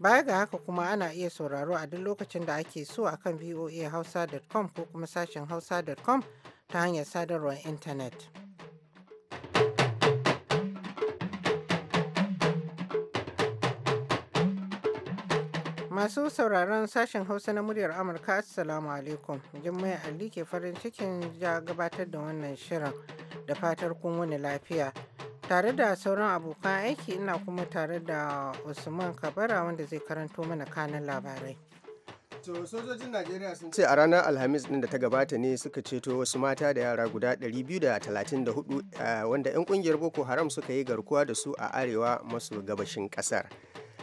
Baya ga haka kuma ana iya sauraro a duk lokacin da ake so a kan voahausa.com ko kuma sashen hausa.com ta hanyar sadarwar intanet. Masu sauraron sashen Hausa na muryar Amurka Assalamu alaikum. Jummai Ali ke farin cikin ja gabatar da wannan shirin da fatar kun wani lafiya. tare da sauran abokan aiki ina kuma tare da usman kabara wanda zai karanto mana kanan labarai to ce a ranar alhamis din da ta gabata ne suka ceto wasu mata da yara guda 234 eh, wanda 'yan kungiyar boko haram suka yi garkuwa da su a arewa maso gabashin kasar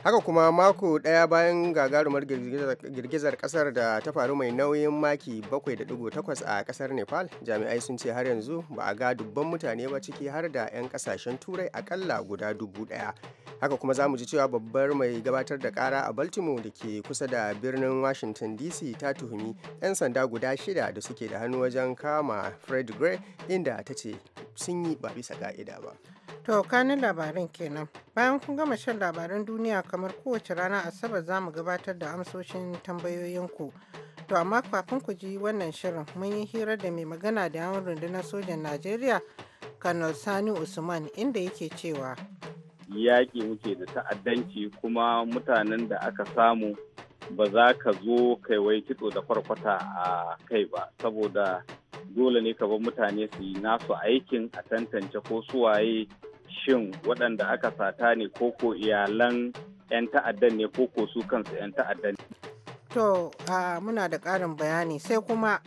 haka kuma mako daya bayan gagarumar girgizar kasar da ta faru mai nauyin maki 7.8 a kasar nepal jami'ai sun ce har yanzu ba a ga dubban mutane ba ciki har da 'yan kasashen turai akalla guda dubu daya haka kuma za mu ji cewa babbar mai gabatar da kara a baltimore da ke kusa da birnin washington dc ta tuhumi 'yan sanda guda shida da suke da hannu wajen kama fred gray inda ta ce sun yi ba bisa ka'ida ba to kanin labarin kenan bayan kun gama shan labaran duniya kamar kowace rana asabar za mu gabatar da amsoshin tambayoyinku to amma kafin ku ji wannan shirin mun yi hira da mai magana da yawon rundunar sojan najeriya kanal sani usman inda yake cewa yaƙi muke da ta'addanci kuma mutanen da aka samu ba za ka zo kaiwai kitso da kwarkwata a kai ba saboda dole ne ka bar mutane su yi nasu aikin a tantance ko suwaye shin waɗanda aka sata ne ko ko iyalan 'yan ta'addan ne ko ko su kansu 'yan ta'addan to muna da ƙarin bayani sai kuma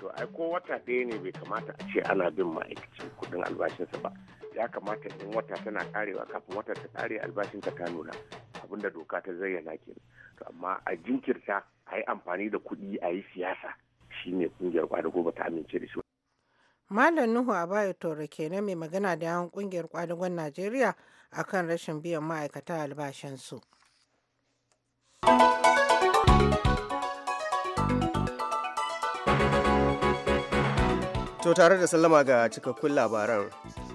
to ai ko wata ɗaya ne bai kamata a ce ana bin ma'aikacin kuɗin albashinsa ba ya kamata in wata tana karewa kafin wata ta kare albashin ka ta nuna abinda doka ta zayyana ke to amma a jinkirta a yi amfani da kuɗi a yi siyasa shine kungiyar kwadago ba ta amince da shi Malam Nuhu Abayo Toro kenan mai magana da yawan kungiyar kwadagon Najeriya akan rashin biyan ma'aikata albashinsu. To tare da sallama ga cikakkun labaran.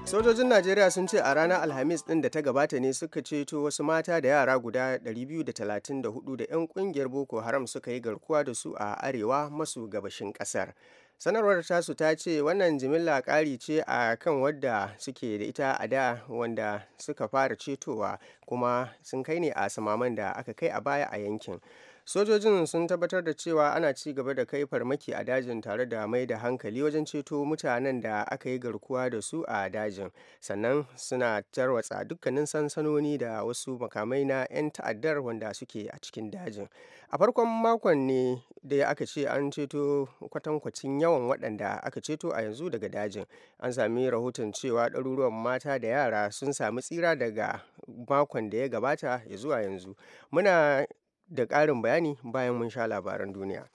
sojojin najeriya sun ce a ranar alhamis din da ta gabata ne suka ceto wasu mata da yara guda 234 da 'yan kungiyar boko haram suka yi garkuwa da su a arewa masu gabashin kasar sanarwar tasu ta ce wannan jimilla kari ce a kan wadda suke da ita a da wanda suka fara cetowa kuma sun kai ne a samaman da aka kai a baya a yankin sojojin sun tabbatar da cewa ana ci gaba da kai farmaki a dajin tare da mai da hankali wajen ceto mutanen da aka yi garkuwa da su a dajin sannan suna tarwatsa dukkanin sansanoni da wasu makamai na 'yan ta'addar wanda suke a cikin dajin a farkon makon ne da aka ce an ceto kwatankwacin yawan waɗanda aka ceto a yanzu daga dajin an sami rahoton cewa ɗaruruwan mata da yara sun sami tsira daga makon da ya gabata ya zuwa yanzu muna da ƙarin bayani bayan mun sha labaran duniya.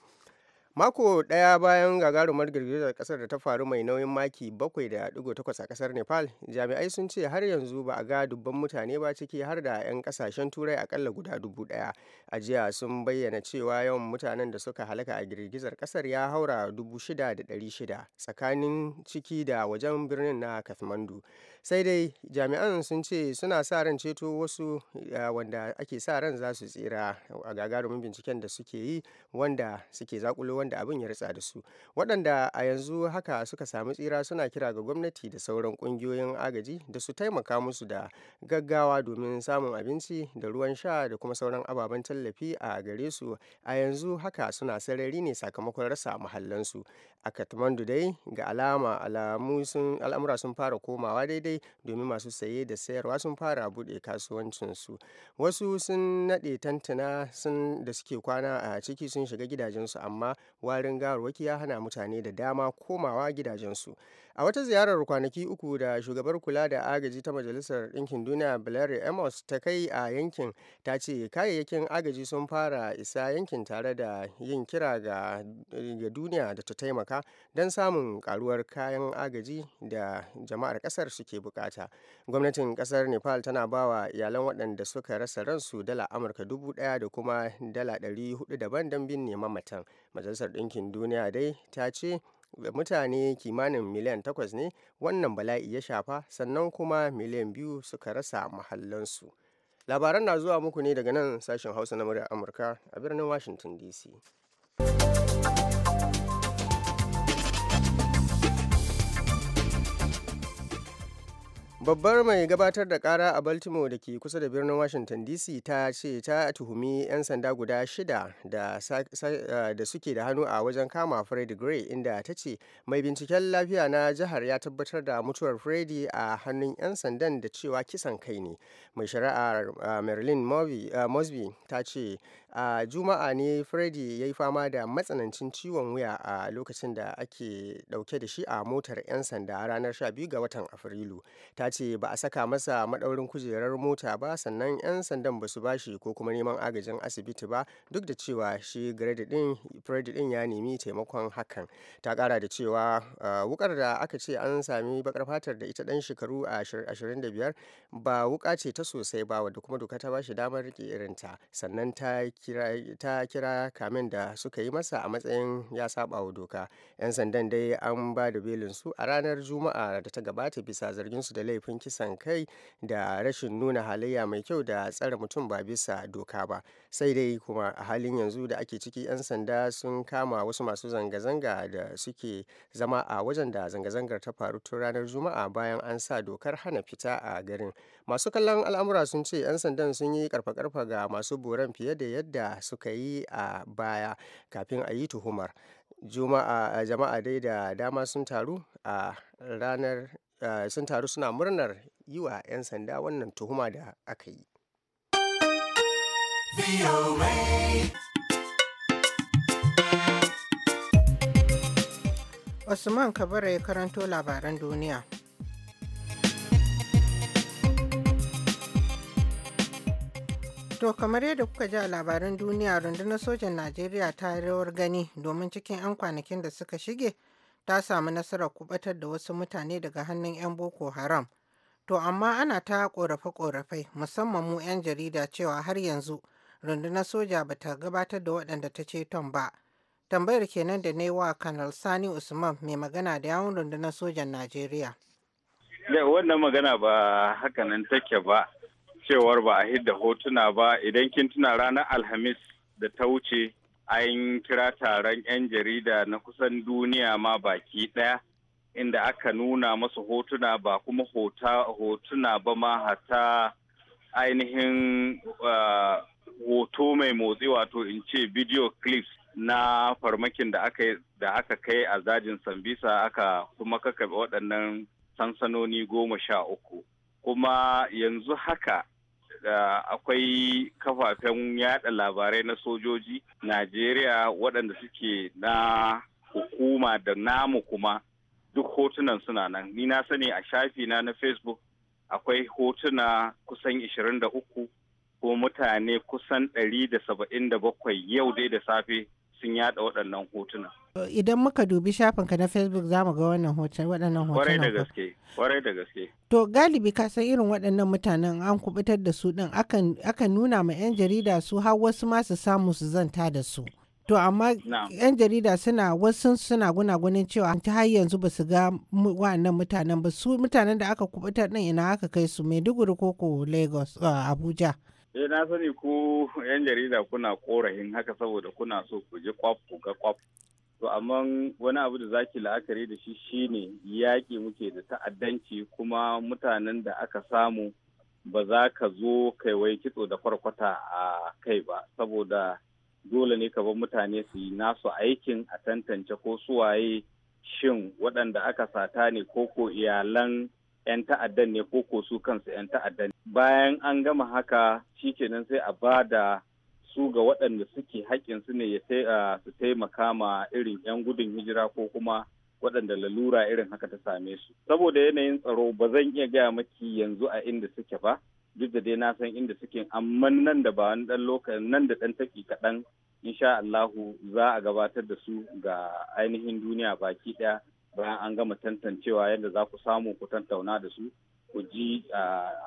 mako daya bayan gagarumar girgizar kasar da ta faru mai nauyin maki 7.8 a kasar nepal jami'ai sun ce har yanzu ba a ga dubban mutane ba ciki har da 'yan kasashen turai akalla guda dubu daya a jiya sun bayyana cewa yawan mutanen da suka halaka a girgizar kasar ya haura 6,600 tsakanin ciki da wajen birnin na kathmandu sai dai jami'an sun ce suna sa ran ceto wasu wanda ake sa ran za su tsira a gagarumin binciken da suke yi wanda suke zakulo wanda abin ya ritsa da su waɗanda a yanzu haka suka samu tsira suna kira ga gwamnati da sauran ƙungiyoyin agaji da su taimaka musu da gaggawa domin samun abinci da ruwan sha da kuma sauran ababen tallafi a gare su a yanzu haka suna sarari ne sakamakon rasa mahallansu a katmandu dai ga alama al'amura sun fara komawa daidai domin masu saye da sayarwa sun fara buɗe kasuwancinsu wasu sun naɗe tantana sun da suke kwana a ciki sun shiga gidajensu amma warin gawarwaki ya hana mutane da dama komawa gidajensu a wata ziyarar kwanaki uku da shugabar kula da agaji ta majalisar ɗinkin duniya blair amos ta kai a yankin ta ce kayayyakin agaji sun fara isa yankin tare da yin kira ga duniya da ta taimaka don samun karuwar kayan agaji da jama'ar ƙasar suke bukata gwamnatin ƙasar nepal tana bawa iyalan waɗanda suka rasa ransu dala amurka dubu ɗaya da kuma dala ɗari hudu daban don bin neman matan majalisar ɗinkin duniya dai ta ce mutane kimanin miliyan takwas ne wannan bala'i ya shafa sannan kuma miliyan biyu suka rasa mahallansu labaran na zuwa muku ne daga nan sashen hausa na murya amurka a birnin washington dc babbar mai gabatar da kara a baltimore da ke kusa da birnin washington dc ta ce ta tuhumi 'yan sanda guda shida da, suke da hannu a wajen kama freddy gray inda ta ce mai binciken lafiya na jihar ya tabbatar da mutuwar freddy a hannun 'yan sandan da cewa kisan kai ne mai shari'ar marilyn mosby ta ce a juma'a ne freddy ya yi fama da matsanancin ciwon wuya a lokacin da ake dauke da shi a motar 'yan sanda ranar 12 ga watan afrilu ta ce ba a saka masa madaurin kujerar mota ba sannan 'yan sandan ba su bashi ko kuma neman agajin asibiti ba duk da cewa shi freddy din ya nemi taimakon hakan ta kara da cewa ah, wukar da aka ce an sami bakar fatar da ita dan shekaru 25 ba wuka ce ta sosai ba wadda kuma doka ta bashi damar rike irinta sannan ta ta kira kamin da suka yi masa a matsayin ya saba wa doka 'yan sandan dai an ba da su a ranar juma'a da ta gabata bisa zarginsu da laifin kisan kai da rashin nuna halayya mai kyau da tsare mutum ba bisa doka ba sai dai kuma a halin yanzu da ake ciki 'yan sanda sun kama wasu masu zanga-zanga da suke zama a wajen da zanga-zangar ta faru tun ranar juma'a bayan an sa dokar hana fita a garin masu kallon al'amura sun ce 'yan sandan sun yi karfa-karfa ga masu boran fiye da yadda suka yi a baya kafin a yi tuhumar juma'a jama'a dai da dama sun taru a ranar sun taru suna murnar yi wa 'yan sanda wannan tuhuma da aka yi Usman Kabara ya karanto labaran duniya. To kamar yadda kuka ji a labarin duniya rundunar sojan Najeriya ta yi rawar gani domin cikin 'yan kwanakin da suka shige ta samu nasarar kubatar da wasu mutane daga hannun 'yan Boko Haram. To amma ana ta korafe-korafai musamman mu 'yan jarida cewa har yanzu rundunar soja ba ta gabatar da waɗanda ta ceton ba. Tambayar kenan da na wa Kanal Sani Usman mai magana da yawun rundunar sojan Najeriya. wannan magana ba hakanan take ba. cewar ba a hidda hotuna ba idan kin tuna ranar alhamis da ta wuce an kira taron 'yan jarida na kusan duniya ma baki daya inda aka nuna masu hotuna ba kuma hotuna ba ma hata ainihin ah, hoto mai motsi wato in ce video clips na farmakin da aka da aka kai a zajin sambisa aka kuma kakabe waɗannan sansanoni goma sha uku kuma yanzu haka Da akwai kafafen yada labarai na sojoji najeriya waɗanda suke na hukuma da namu kuma duk hotunan suna nan ni na sani a shafi na na facebook akwai hotuna kusan 23 ko mutane kusan 177 yau dai da safe sun yada waɗannan hotuna. Idan muka dubi shafinka na Facebook za mu ga wannan hotunan waɗannan hotunan. da gaske, kwarai da gaske. To galibi ka san irin waɗannan mutanen an kubutar da su ɗin akan nuna ma 'yan jarida su har wasu ma su samu su zanta da su. To amma 'yan jarida suna wasu suna gunagunin cewa ta har yanzu ba su ga wa'annan mutanen ba su mutanen da aka kubutar ɗin ina aka kai su Maiduguri ko Lagos Abuja. eh na sani ku yan jarida kuna korahin haka saboda kuna so ku je kwaf ku ga kwaf to amma wani abu da zaki la'akari da shi shine yaƙi muke da ta'addanci kuma mutanen da aka samu ba za ka zo kaiwai kitso da kwarkwata a kai ba saboda dole ne ka bar mutane su yi nasu aikin a tantance ko suwaye shin waɗanda aka sata ne ko ko iyalan 'yan ta'addan ne ko ko su kansu 'yan ta'addan bayan an gama haka shi shikenan sai a ba da su ga waɗanda suke su ne su taimaka ma irin 'yan gudun hijira ko kuma waɗanda lalura irin haka ta same su saboda yanayin tsaro ba zan iya gaya maki yanzu a inda suke ba duk da dai na san inda suke amma nan da ba wani ɗan lokacin nan da ɗan taki kaɗan insha Allahu za a gabatar da su ga ainihin duniya baki ɗaya bayan an gama tantancewa yadda za ku samu ku tattauna da su ku ji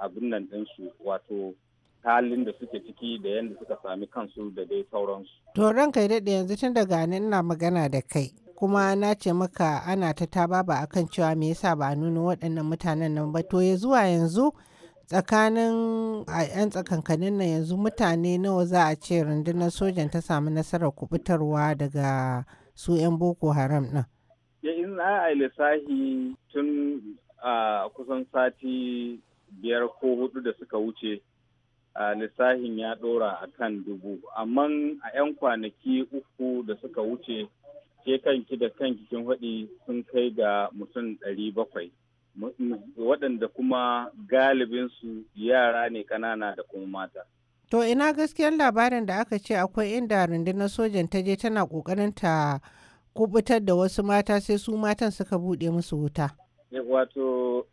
abin nan ɗinsu wato halin da suke ciki da yadda suka sami kansu da dai sauransu. To ran kai daɗe yanzu tun daga ni ina magana da kai. kuma na ce maka ana ta ta ba akan cewa me yasa ba a nuna waɗannan mutanen nan ba to ya zuwa yanzu tsakanin a 'yan tsakankanin nan yanzu mutane nawa za a ce rundunar sojan ta samu nasarar kubutarwa daga su 'yan boko haram ɗin. Ya in za a lissafi tun a kusan sati biyar ko hudu da suka wuce a lissahin ya dora a kan dubu amma a 'yan kwanaki uku da suka wuce ke kanki da kanki kin haɗi sun kai ga mutum ɗari bakwai waɗanda kuma galibinsu yara ne ƙanana da kuma mata. To ina gaskiyar labarin da aka ce akwai inda rundunar sojan ta je tana ƙoƙarin ta kubutar da wasu mata sai su matan suka buɗe musu wuta. Eh, wato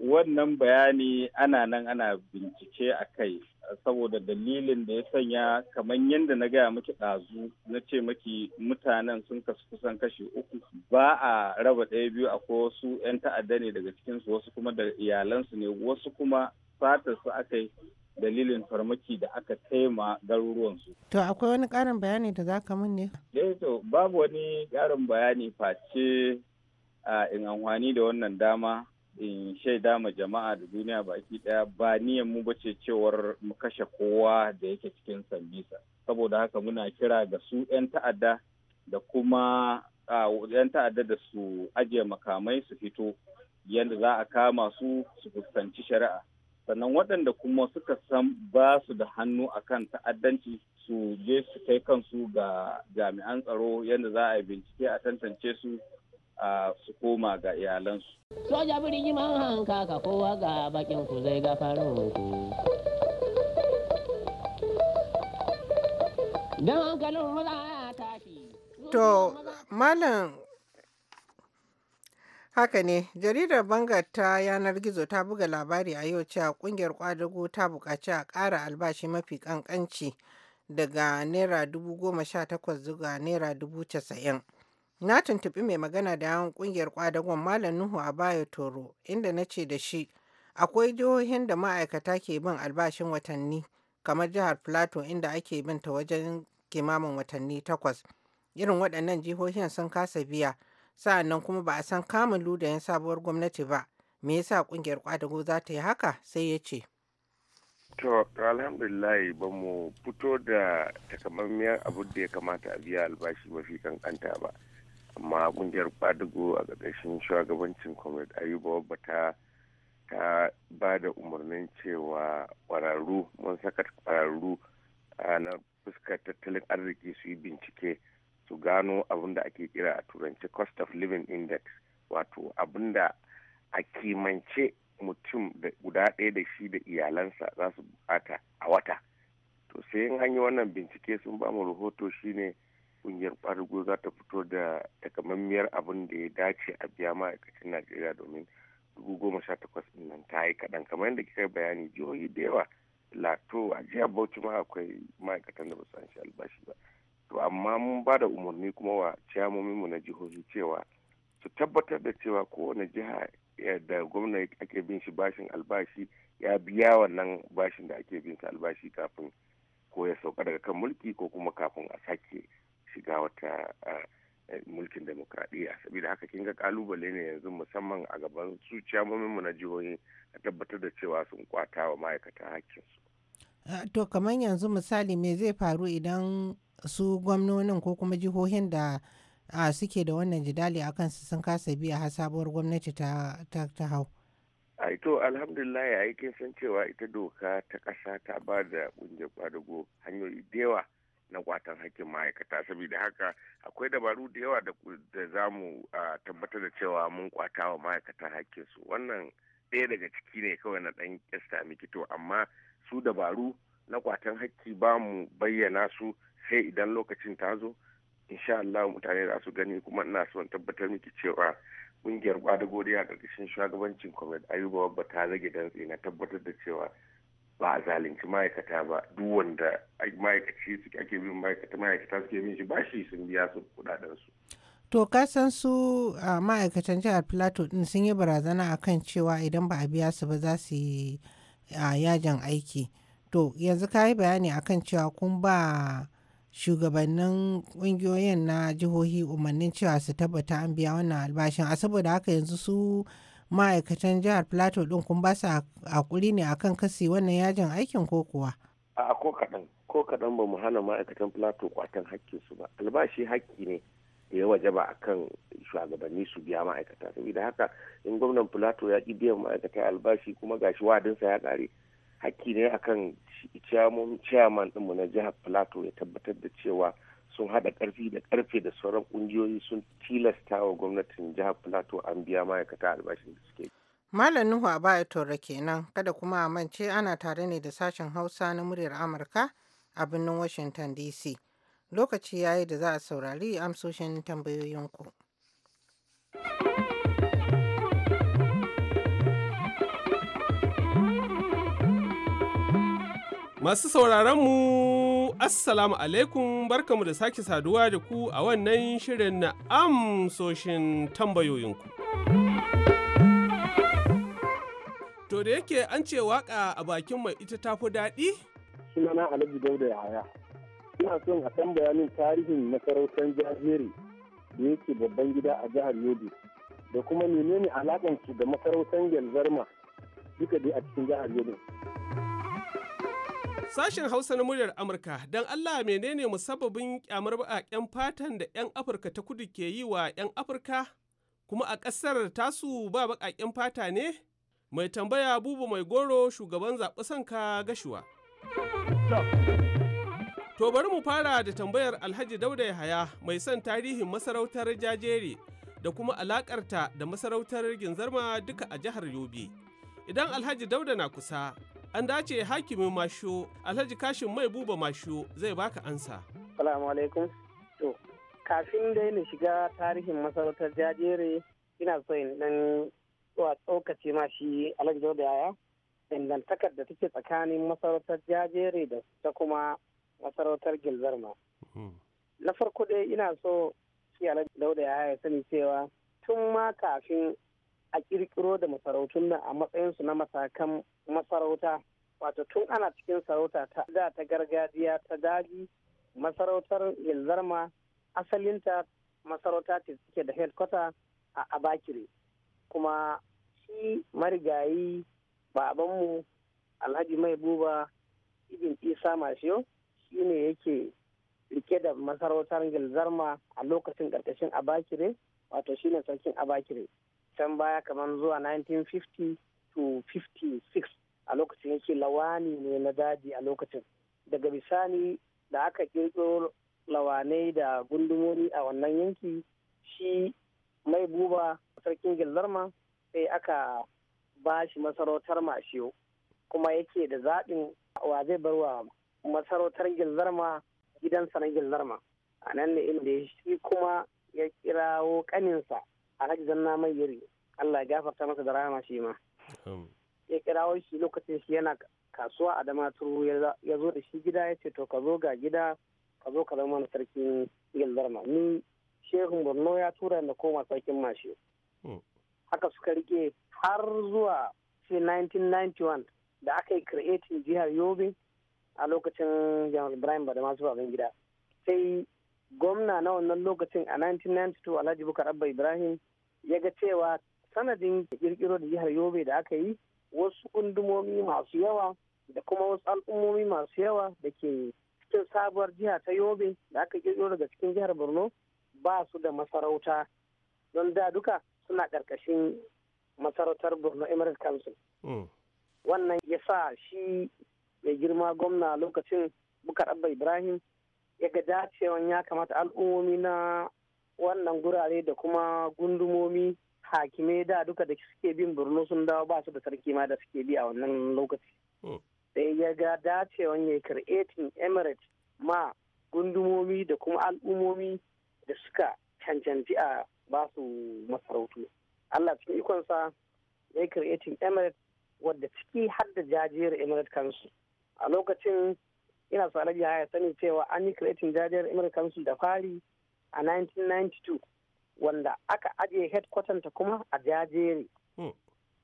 wannan bayani ana nan ana bincike a kai saboda dalilin da ya sanya kamar yadda na gaya miki ɗazu na ce maki mutanen sun kasu kusan kashi uku ba a raba ɗaya biyu ko wasu 'yan ta'adda ne daga cikinsu wasu kuma da iyalansu ne wasu kuma fatarsu aka dalilin farmaki da aka taima garuruwan su. To akwai wani ƙarin bayani da za ka mun ne? Eh, to babu wani ƙarin bayani face in amfani da wannan dama in shaida ma jama'a da duniya baki ɗaya ba niyan mu bace cewar mu kashe kowa da yake cikin sambisa saboda haka muna kira ga su 'yan ta'adda da kuma 'yan ta'adda da su ajiye makamai su fito yadda za a kama su su fuskanci shari'a sannan waɗanda kuma suka san ba su da hannu a kan ta'addanci su je su kai kansu ga jami'an tsaro yadda za a yi bincike a tantance su a su koma ga iyalansu. Soja birni man hanka ka kowa ga bakin ku zai ga farin ku. Don hankalin maza ya tashi. To, Malam Haka ne, jaridar Bangar ta yanar gizo ta buga labari a yau cewa kungiyar kwadago ta buƙaci a ƙara albashi mafi ƙanƙanci daga Naira dubu goma sha takwas zuwa Naira dubu casa'in. Na tuntubi mai magana da yawan kungiyar kwadagon Malam Nuhu a Bayo Toro, inda na ce da shi, akwai jihohin da ma'aikata ke bin albashin watanni, kamar jihar Plateau inda ake bin ta wajen kimamin watanni takwas. Irin waɗannan jihohin sun kasa biya. sa'annan kuma ba a san kamun ludayen sabuwar gwamnati ba me yasa kungiyar kwadago za ta yi haka sai ya ce to alhamdulillah ba mu fito da takamammiyar abu da ya kamata a biya albashi mafi kankanta ba amma kungiyar kwadago a ƙarƙashin shugabancin comrade ayuba ba ta ta ba da umarnin cewa kwararru mun saka kwararru na fuskar tattalin arziki su yi bincike su gano abin da ake kira a turanci cost of living index wato abin da a kimance mutum da guda ɗaya da shi da iyalansa za su bukata a wata to sai in hanyar wannan bincike sun ba mu rahoto shine kungiyar ƙwarigo za ta fito da takamammiyar abin da ya dace a biya ma'aikacin najeriya domin dubu goma sha takwas nan ta yi kaɗan kamar yadda kika bayani jihohi da yawa lato a jiya bauchi ma akwai ma'aikatan da ba su san shi albashi ba to amma mun ba da umarni kuma wa mu na jihohi cewa su tabbatar da cewa kowane jiha da gwamna ake bin shi bashin albashi ya biya wannan bashin da ake bin sa albashi kafin ko ya sauka daga kan mulki ko kuma kafin a sake shiga wata mulkin demokradiyya saboda haka kin ga kalubale ne yanzu musamman a gaban su mu na jihohi a tabbatar da cewa sun kwata wa ma'aikata su. to kamar yanzu misali me zai faru idan su gwamnonin ko kuma jihohin da a suke da wannan jidali a kansu sun kasa biya har sabuwar gwamnati ta, ta, hau. aito to alhamdulillah ya yi san cewa ita doka ta ƙasa ta ba da ƙungiyar ƙwadago hanyoyi da yawa na kwatan hakkin ma'aikata saboda haka akwai dabaru da yawa da za mu tabbatar da cewa mun kwata wa ma'aikata hakkinsu wannan ɗaya daga ciki ne kawai na ɗan ƙista amma su dabaru na kwatan hakki ba mu bayyana su sai idan lokacin ta zo insha Allah mutane za su gani kuma ina son tabbatar miki cewa kungiyar kwadago da karkashin shugabancin comrade ayuba babba ta rage dantse na tabbatar da cewa ba a zalunci ma'aikata ba duk wanda ma'aikaci su ake bin ma'aikata ma'aikata suke bin shi ba shi sun biya su kudaden su to ka san su a ma'aikatan jihar plateau din sun yi barazana akan cewa idan ba a biya su ba za su yi yajin aiki to yanzu ka yi bayani akan cewa kun ba shugabannin ƙungiyoyin na jihohi umarnin cewa su tabbata an biya wannan albashin a saboda haka yanzu su ma'aikatan jihar plateau ɗin kun ba su hakuri ne akan kasi wannan yajin aikin ko kuwa a ko kaɗan ko kaɗan ba mu hana ma'aikatan plateau kwatan su ba albashi hakki ne da ya waje a kan shugabanni su biya ma'aikata saboda haka in gwamnan plateau ya ƙi biyan ma'aikata albashi kuma gashi wadinsa ya kare hakki ne akan ciyaman ɗinmu na jihar plateau ya tabbatar da cewa sun haɗa ƙarfi da ƙarfe da sauran ƙungiyoyi sun tilasta wa gwamnatin jihar plateau an biya ma'aikata albashin da suke Malam Nuhu a baya kenan kada kuma a mance ana tare ne da sashen Hausa na muryar Amurka a birnin Washington DC. Lokaci yayi da za a saurari amsoshin tambayoyinku. Masu sauraron mu Assalamu alaikum barkamu da sake saduwa da ku a wannan shirin na amsoshin tambayoyinku. To da yake an ce waka a bakin mai ita tafi daɗi? Sunana Alhaji Dauda Yaya. Ina son a san bayanin tarihin masarautar jajere da yake babban gida a jihar Yobe da kuma menene alaƙansu da masarautar Gelzarma duka dai a cikin jihar Yobe. Sashen Hausa na muryar Amurka don Allah menene musabbabin kyamar baƙaƙen fatan da 'yan Afirka ta kudu ke yi wa 'yan Afirka? Kuma a ƙasar tasu ba baƙaƙen fata ne? Mai tambaya bubu mai goro shugaban zaɓi sanka gashuwa. To bari mu fara da tambayar Alhaji Dauda Yahaya mai son tarihin masarautar jajere da kuma alakarta da masarautar Ginzarma duka a jihar Yobe. Idan Alhaji Dauda na kusa, An dace hakimin masho Alhaji Kashin Mai Buba mashu zai baka ansa. Salamu alaikum. To, kafin dai na shiga tarihin masarautar jajere ina so in dan zuwa tsokace ma shi Alhaji da Yaya. Dangantakar da take tsakanin masarautar jajere da ta kuma masarautar Gilzarma. Hmm. Na farko dai ina so shi Alhaji da Yaya sani cewa tun ma kafin a kirkiro da masarautun nan a matsayinsu na masakan masarauta wato tun ana cikin sarauta ta da ta gargajiya ta daji masarautar yanzarma asalinta masarauta ce suke da headquarter a abakire kuma shi marigayi babanmu alhaji mai buba ibin isa mashiyo shi ne yake rike da masarautar gilzarma a lokacin ƙarƙashin abakire wato shi ne sarkin abakire can baya kamar zuwa 1950 to 56 a lokacin yake lawani ne na daji a lokacin daga bisani da aka kirkiro lawanai da gundumoni a wannan yanki shi mai buba sarkin gilzarma sai aka ba shi masarautar mashiyo kuma yake da zaɓin wa zai bar wa masarautar gilzarma gidansa na gilzarma a nan ne inda shi kuma ya kirawo kaninsa alhaji zanna mai yari allah ya gafarta masa da rahama shi ma ya kirawo shi lokacin shi yana kasuwa a damaturu ya zo da shi gida ya ce to ka zo ga gida ka zo ka zama mana sarkin gildarma ni shehun borno ya tura da koma sarkin mashi hmm. haka suka rike har zuwa 1991 da aka yi creating jihar yobe a lokacin jamal ibrahim ba da masu babin gida sai gwamna na wannan lokacin a 1992 alhaji bukar abba ibrahim ya ga cewa sanadin kirkiro da jihar yobe da aka yi wasu kundumomi masu yawa da kuma wasu al'ummomi masu yawa da ke cikin sabuwar jiha ta yobe da aka kirkiro daga cikin jihar borno ba su da masarauta don da duka suna ƙarƙashin masarautar borno emirate council hmm. wannan ya sa shi ya girma gwamna lokacin bukar abba ibrahim ya ga dacewan ya kamata al'ummomi na wannan gurare da kuma gundumomi hakime da duka da suke bin birnin sun dawo ba su da sarki ma da suke bi a wannan lokaci sai oh. ya ga dacewan ya creating emirate ma gundumomi da kuma al'umomi da suka cancanci a ba su masarautu allah cikin ikonsa ya yi creating emirate wadda ciki har da jajiyar emirate kansu a lokacin ina sa ya sani cewa an yi creating jajiyar emirate kansu da fari a 1992 wanda aka ajiye headquarters ta kuma a jajere hmm.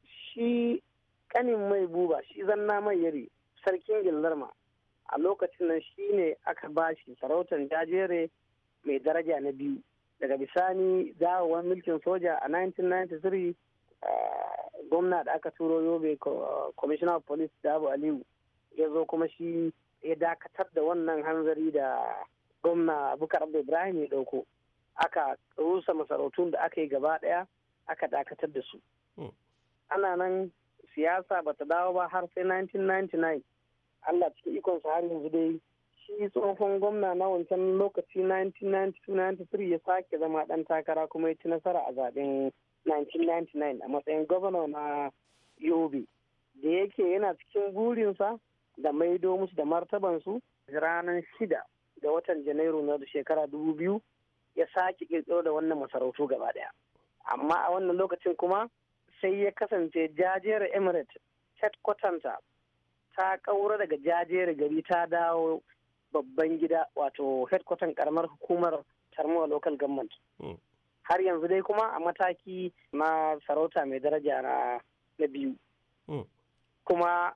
shi kanin mai buba shi zanna mai yari sarkin gillarma a lokacin nan shi ne aka ba shi sarautar jajere mai daraja na biyu daga bisani dawowar mulkin soja a 1993 eh, gwamna da aka turo yobe commissioner of police dabo aliyu ya zo kuma shi ya dakatar da wannan hanzari da gwamna abubakar abu ibrahim ya dauko aka rusa masarautun da aka yi gaba daya aka dakatar da su hmm. ana nan siyasa ba ta dawo ba har sai 1999 allah cikin ikon sa har yanzu dai shi tsohon gwamna na wancan lokaci 1992-93 ya sake zama dan takara kuma ya ci nasara a zaben 1999 a matsayin gwamna na yobe da yake yana cikin burinsa da maido musu da martabansu ranar shida da watan janairu na shekara dubu biyu ya sake kirkiro da wannan masarautu gaba daya amma a wannan lokacin kuma sai ya kasance jajiyar emirate kwatanta ta kaura daga jajiyar gari ta dawo babban gida wato headquarter karamar hukumar tarmuwa local government hmm. har yanzu dai kuma a mataki na sarauta mai daraja na biyu hmm. kuma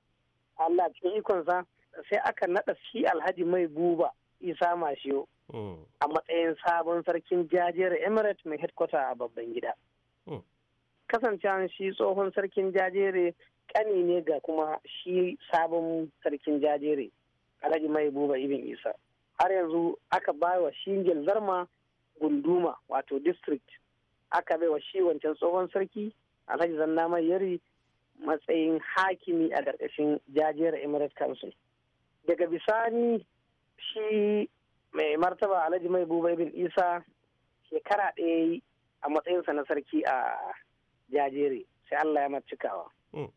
allah cikin ikonsa sai aka naɗa shi alhaji mai buba isa mashiyo oh. a matsayin sabon sarkin jajiyar emirate mai headquarter a babban gida oh. kasancewa shi tsohon sarkin jajere kani ne ga kuma shi sabon sarkin jajere alhaji mai buba ibn isa har yanzu aka ba wa shi zarma gunduma wato district aka bai wa shi wancan tsohon sarki alhaji zanna mai yari matsayin hakimi a ƙarƙashin jajiyar emirate council daga bisani shi mai martaba alhaji mai bubai bin isa shekara ɗaya yi a matsayinsa na sarki a jajere sai allah ya hmm,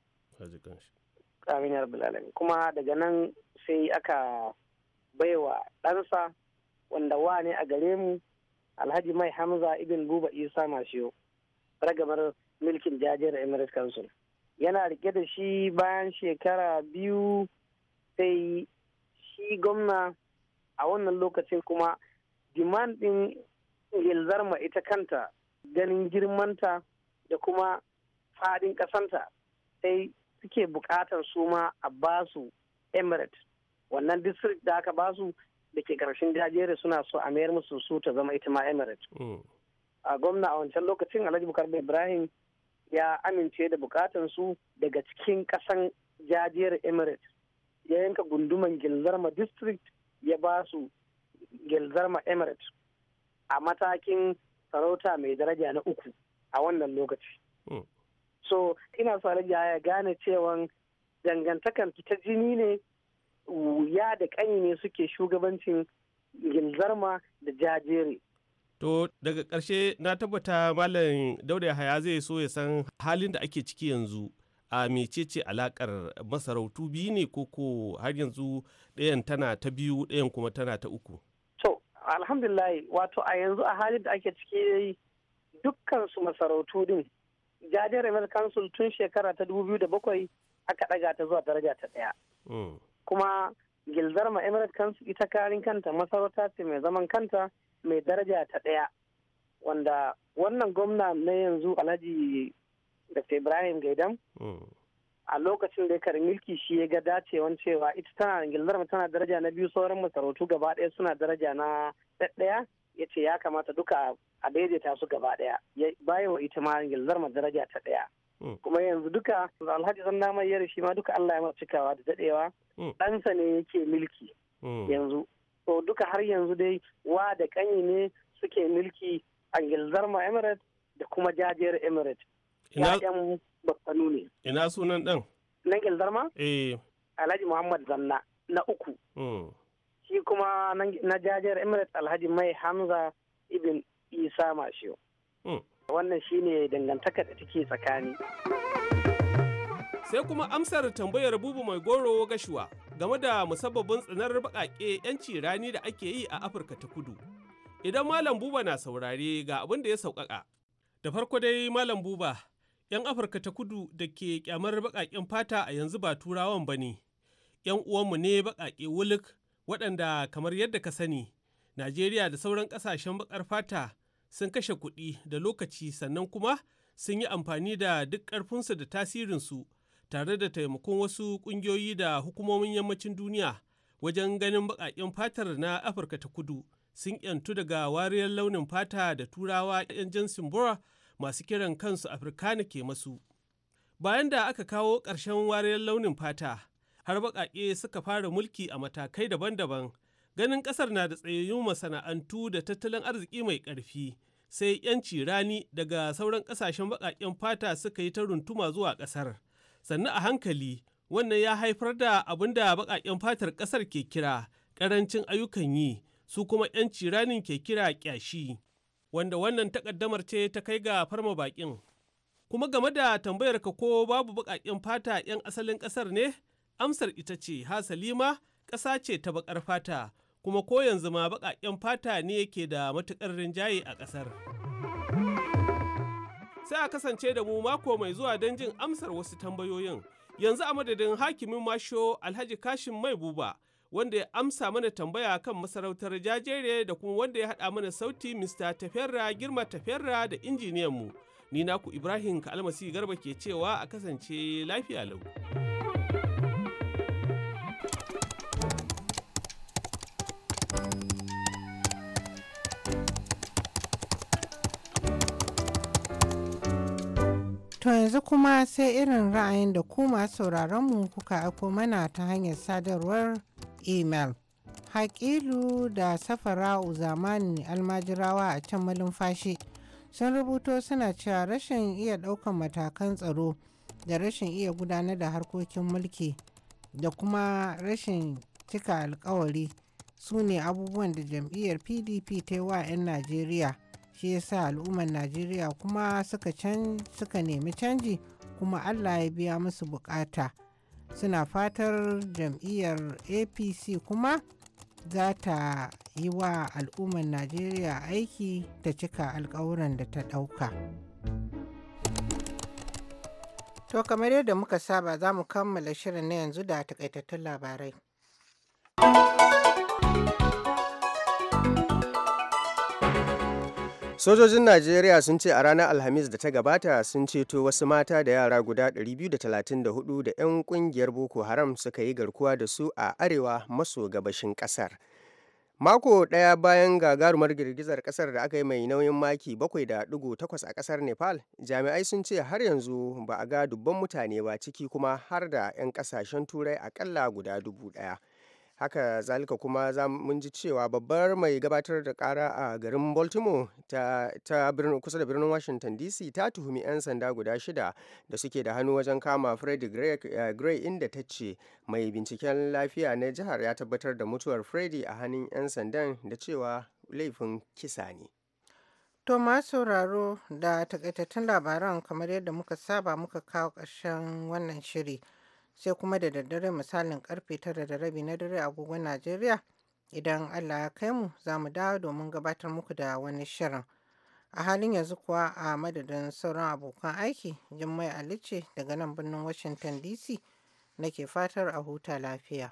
kuma daga nan sai aka baiwa ɗansa wanda wa ne a gare mu alhaji mai hamza Ibin buba isa mashiyo ragamar milkin jajere emirates council yana rike da shi bayan shekara biyu sai shi gwamna a wannan lokacin kuma Dimandin ɗin yalzarma ita kanta ganin girmanta da kuma faɗin ƙasanta sai suke buƙatar su ma a basu emirate wannan district da aka basu da ke ƙarshen jajere suna so a mayar musu su ta zama ita ma emirate mm. a gwamna a wancan lokacin alhaji bukar ibrahim ya amince da bukatan su daga cikin ƙasan jajiyar emirate ya yanka gunduman gilzarma district ya ba su gilzarma emirates a matakin sarauta mai daraja na uku a wannan lokaci hmm. so ina faraja ya gane cewan dangantakan ta jini ne wuya da kanyi ne suke shugabancin gilzarma da jajere To daga ƙarshe na tabbata Malam Dauda Yahaya zai so ya san halin da ake ciki yanzu a mecece alakar masarautu biyu ne ko har yanzu ɗayan tana ta biyu ɗayan kuma tana ta uku to alhamdulillah wato a yanzu a halin da ake ciki dukkan su masarautu din jajen remer council tun shekara ta dubu biyu da bakwai aka ɗaga ta zuwa daraja ta ɗaya mm. kuma ma emirate council ita karin kanta masarauta ce mai zaman kanta mai daraja ta ɗaya wanda wannan gwamna na yanzu alhaji Dr. Ibrahim Gaidan. Hmm. A lokacin da ya karin mulki shi ya ga dacewan cewa ita tana Ingilterra tana daraja na biyu sauran masarautu gaba ɗaya suna daraja na ɗaya ya ce ya kamata duka a daidaita su gaba ɗaya bayan wa ita ma Ingilterra daraja ta ɗaya. Hmm. kuma yanzu duka alhaji zan namar yare shi ma duka Allah ya masa cikawa da daɗewa. Hmm. ɗansa ne yake milki yanzu to duka har yanzu dai wa da kanyi ne suke milki angilzarma emirates da kuma jajiyar emirates Ya'yan babbanu ne. Ina sunan ɗan? Nan Gildarma? Eh. Alhaji Muhammad Zanna na uku. Hmm. Shi kuma na jajiyar Emirates Alhaji Mai Hamza Ibn Isa Mashiyo. Hmm. Wannan shi ne dangantaka da take tsakani. Sai kuma amsar tambayar bubu mai goro gashuwa game da musabbabin tsinar baƙaƙe 'yanci rani da ake yi a Afirka ta kudu. Idan Malam Buba na saurare ga abin da ya sauƙaƙa. Da farko dai Malam Buba, 'yan Afirka ta kudu da ke kyamar baƙaƙen fata a yanzu ba turawan ba ne, 'yan uwanmu ne baƙaƙe wuluk waɗanda kamar yadda ka sani, Najeriya da sauran ƙasashen baƙar fata sun kashe kuɗi da lokaci sannan kuma sun yi amfani da duk ƙarfinsu da tasirinsu tare da taimakon wasu ƙungiyoyi da hukumomin yammacin duniya wajen ganin baƙaƙen fatar na Afirka ta kudu sun 'yantu daga wariyar launin fata da turawa 'yan jinsin Bora masu kiran kansu afirkani ke masu. Bayan da aka kawo ƙarshen wariyar launin fata, har baƙaƙe suka fara mulki a matakai daban-daban, ganin ƙasar na da tsayayyun masana'antu da tattalin arziki mai ƙarfi, sai 'yanci rani daga sauran ƙasashen baƙaƙen fata suka yi ta runtuma zuwa ƙasar. Sannu a hankali, wannan ya haifar da abin da baƙaƙen fatar ƙasar ke kira ƙarancin ayyukan yi, su kuma 'yanci ranin ke kira ƙyashi. wanda wannan takaddamar ce ta kai ga farma bakin. Kuma game da tambayar ka ko babu bakakin fata 'yan asalin ƙasar ne, amsar ita ce ha Salima ƙasa ce ta baƙar fata, kuma ko yanzu ma bakakin fata ne yake da matukar rinjaye a ƙasar. Sai a kasance da mu mako mai zuwa don jin amsar wasu tambayoyin. Yanzu a madadin hakimin masho Alhaji Kashin Mai Buba. wanda ya amsa mana tambaya kan masarautar jajere da kuma wanda ya haɗa mana sauti Mr. Tafera Girma Tafera da injiniyanmu. Ni naku Ibrahim Kalmasi Garba ke cewa a kasance lafiya lau. To yanzu kuma sai irin ra'ayin da kuma masu sauraronmu kuka aiko mana ta hanyar sadarwar email haƙilu da safara'u zamani almajirawa a can malumfashi sun rubuto suna cewa rashin iya ɗaukan matakan tsaro da rashin iya gudanar da harkokin mulki da kuma rashin cika alkawari su ne abubuwan da jam'iyyar pdp ta yi wa 'yan najeriya shi yasa al'ummar najeriya kuma suka nemi canji kuma allah ya biya musu bukata. suna fatar jam'iyyar apc kuma za ta yi wa al'ummar najeriya aiki ta cika alkawuran da ta ɗauka to kamar yadda muka saba za mu kammala shirin na yanzu da takaitattun labarai sojojin najeriya sun ce a ranar alhamis da ta gabata sun ceto wasu mata da yara guda 234 da 'yan kungiyar boko haram suka yi garkuwa da su a arewa maso gabashin kasar mako daya bayan gagarumar girgizar kasar da aka yi mai nauyin maki 7.8 a kasar nepal jami'ai sun ce har yanzu ba a ga dubban mutane ba ciki kuma har da 'yan kasashen turai akalla guda dubu daya haka zalika kuma za mun ji cewa babbar mai gabatar da kara a garin baltimore ta, kusa da birnin washington dc ta tuhumi 'yan sanda guda shida da suke da hannu wajen kama fred eh, gray, inda ta ce mai binciken lafiya na jihar ya tabbatar da mutuwar freddy a hannun 'yan sandan da cewa laifin kisa ne to ma sauraro da takaitattun labaran kamar yadda muka saba muka kawo karshen wannan shiri. sai kuma da daddare misalin karfe tara da rabi na dare agogon Najeriya idan Allah ya kai mu za mu dawo domin gabatar muku da wani shirin. A halin yanzu kuwa a madadin sauran abokan aiki Jummai Alice daga nan birnin Washington DC nake fatar a huta lafiya.